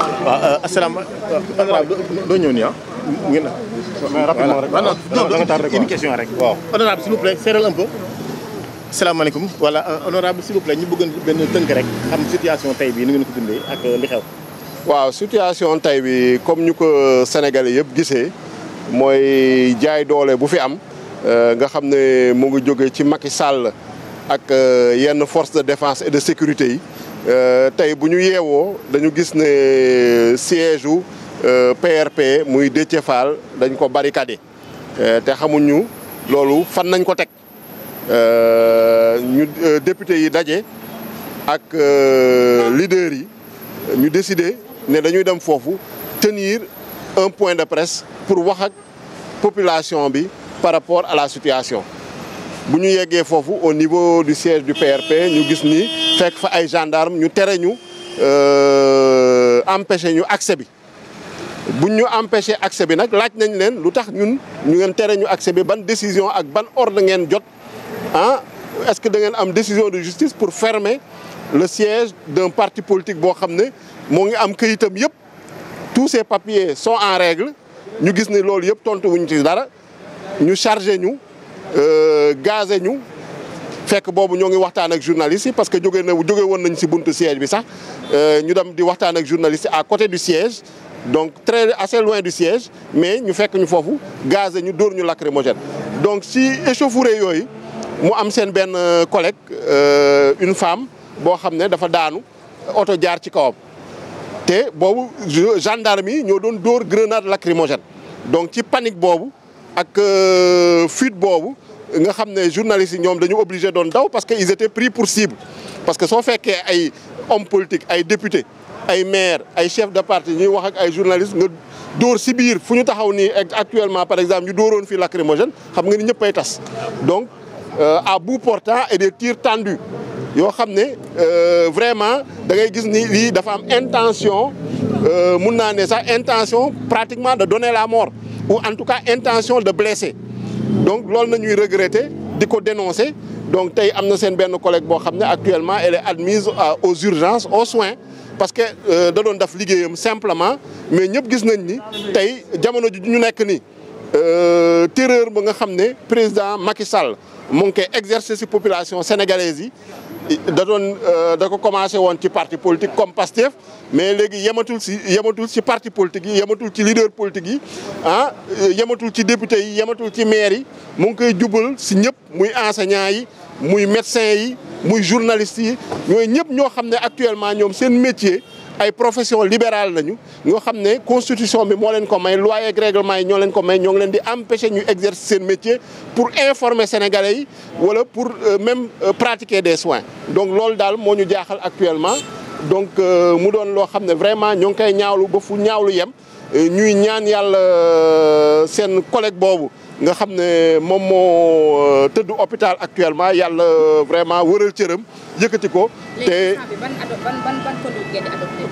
waaw asalaamaaleykum. honorable doo ñëw nii ah. ngeen na. mais rapidement rek waaw une question rek. waaw honorable s'il vous plaît seeral un peu. asalaamaaleykum voilà euh, honorable s'il vous plaît ñu bëggoon benn tënk rek xam situation tey bii ni ngeen ko dundee ak euh, li xew. waaw situation tey bi comme ñu ko sénégalais yëpp gisee mooy jaay doole bu fi am euh, nga xam ne mu ngi jóge ci Macky Sall ak yenn force de défense et de sécurité yi Euh, tey bu ñu yeewoo dañu gis ne euh, siège u PRP euh, muy Déthié Fall dañ ko barricadé te xamuñu loolu fan nañ ko teg ñu député yi daje ak leader yi ñu décidé ne dañuy dem foofu tenir un point de presse pour wax ak population bi par rapport à la situation bu ñu yeggee foofu au niveau du siège du PRP ñu gis ni fekk fa ay gendarme ñu tere ñu euh, empêché ñu accès bi buñ ñu empêché accès bi nag laaj nañ leen lu tax ñun ñu ngeen tere ñu accès bi ban décision ak ban ordre ngeen jot ah est-ce que da ngeen am décision de justice pour fermer le siège d'un parti politique boo xam ne moo ngi am këyitam yëpp tous ces papiers sont en règle ñu gis ni loolu yëpp tontu wuñ ci dara ñu chargé ñu Euh, gazé ñu fekk boobu ñoo ngi waxtaan ak journaliste parce que jóge na jóge woon nañ si buntu siège bi sax euh, ñu dem di waxtaan ak journaliste à côté du siège donc très assez loin du siège mais ñu fekk ñu foofu gazé ñu dóor ñu lacrymogène donc si échauffourée yooyu mu am seen benn euh, collègue une femme boo xam ne dafa daanu oto jaar ci kawam te boobu gendarme yi ñoo doon dóor grenade lacrymogène donc ci panique boobu ak euh, fuite boobu nga xam ne journalistes yi ñoom dañu obligé doon daw parce que ils étaient pris pour cible parce que soo fekkee ay homme politique ay député ay maire ay chef de parti ñuy wax ak ay journalistes nga door si biir fu ñu taxaw nii actuellement par exemple ñu dooroon fii lacrymogène xam nga ni ñëpp ay tas donc euh, à bout portant et des tirs tendus yoo xam ne euh, vraiment da ngay gis ni lii dafa am intention mun naa ne sax intention pratiquement de donner la mort ou en tout cas intention de blesser donc loolu ñuy regretter di ko dénoncer donc tey am na seen benn collègue boo xam ne actuellement elle est admise euh, aux urgences aux soins parce que euh, da doon def liggéeyam simplement mais ñëpp gis nañ ni tey jamono ji ñu nekk ni euh, terreur ba nga xam ne président Macky Sall mu ngi koy exercer ci population sénégalaise yi da doon euh, da ko commencé woon ci parti politique comme Pastef mais léegi yematul si yematul si parti politique yi yematul ci leader politique yi ah yematul ci député yi yematul ci maire yi mu ngi koy jubal si ñëpp muy enseignant yi muy médecin yi muy journaliste yi ñooy ñëpp ñoo xam ne actuellement ñoom seen métier ay profession libérale lañu ñoo xam ne constitution bi moo leen ko may loi ak règlement yi ñoo leen ko may ñoo ngi leen di empêcher ñu exercer seen métier pour informer sénégalais yi wala pour euh, même euh, pratiquer des soins donc loolu daal moo ñu jaaxal actuellement donc euh, mu doon loo xam ne vraiment ñoo ngi koy ñaawlu ba fu ñaawlu yem ñuy ñaan yàlla seen collègue boobu nga xam ne moom moo euh, tëdd hôpital actuellement yàlla euh, vraiment waral cëram yëkkati ko. te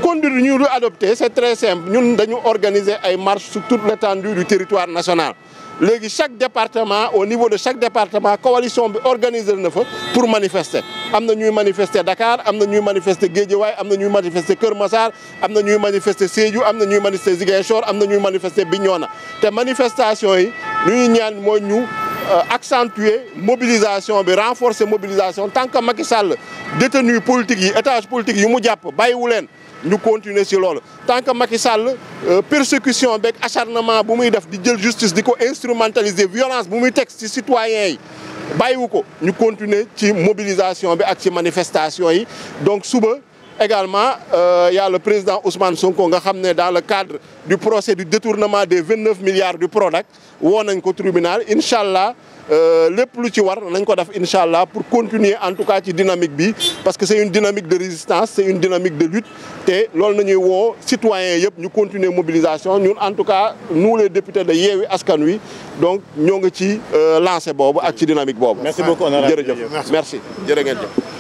conduite ñu adopté c'est très simple ñun dañu organiser ay marches sur toute l'étendue du territoire national. léegi chaque département au niveau de chaque département coalition bi organiser na fa pour manifester am na ñuy manifester Dakar am na ñuy manifester Guédiawaye am na ñuy manifester Kër Massar am na ñuy manifester Sédhiou am na ñuy manifester Ziguinchor am na ñuy manifester Bignona te manifestation yi ñuy ñaan mooy ñu Euh, accentuer mobilisation bi renforcer mobilisation tant que Macky Sall détenu politique yi étage politique yi mu jàpp bàyyiwu leen ñu continuer ci lool tant que Macky Sall euh, persécution be acharnement bu muy def di jël justice di ko instrumentaliser violence bu muy teg ci citoyens yi bàyyiwu ko ñu continuer ci mobilisation bi ak ci manifestation yi donc suba Également, il euh, y a le président Ousmane nga xam ne dans le cadre du procès du détournement de vingt neuf milliards du Prodac woo nañ ko tribunal incha allah euh, lépp lu ci war nañ ko def incha allah pour continuer en tout cas ci dynamique bi parce que c'est une dynamique de résistance c'est une dynamique de lutte te loolu nañuy woo citoyens yëpp ñu continuer mobilisation ñu en tout cas nous les députés de Yewwi Askan Wi donc ñoo ngi ci euh, lancé boobu ak ci dynamique boobu. merci merci jërë ngeen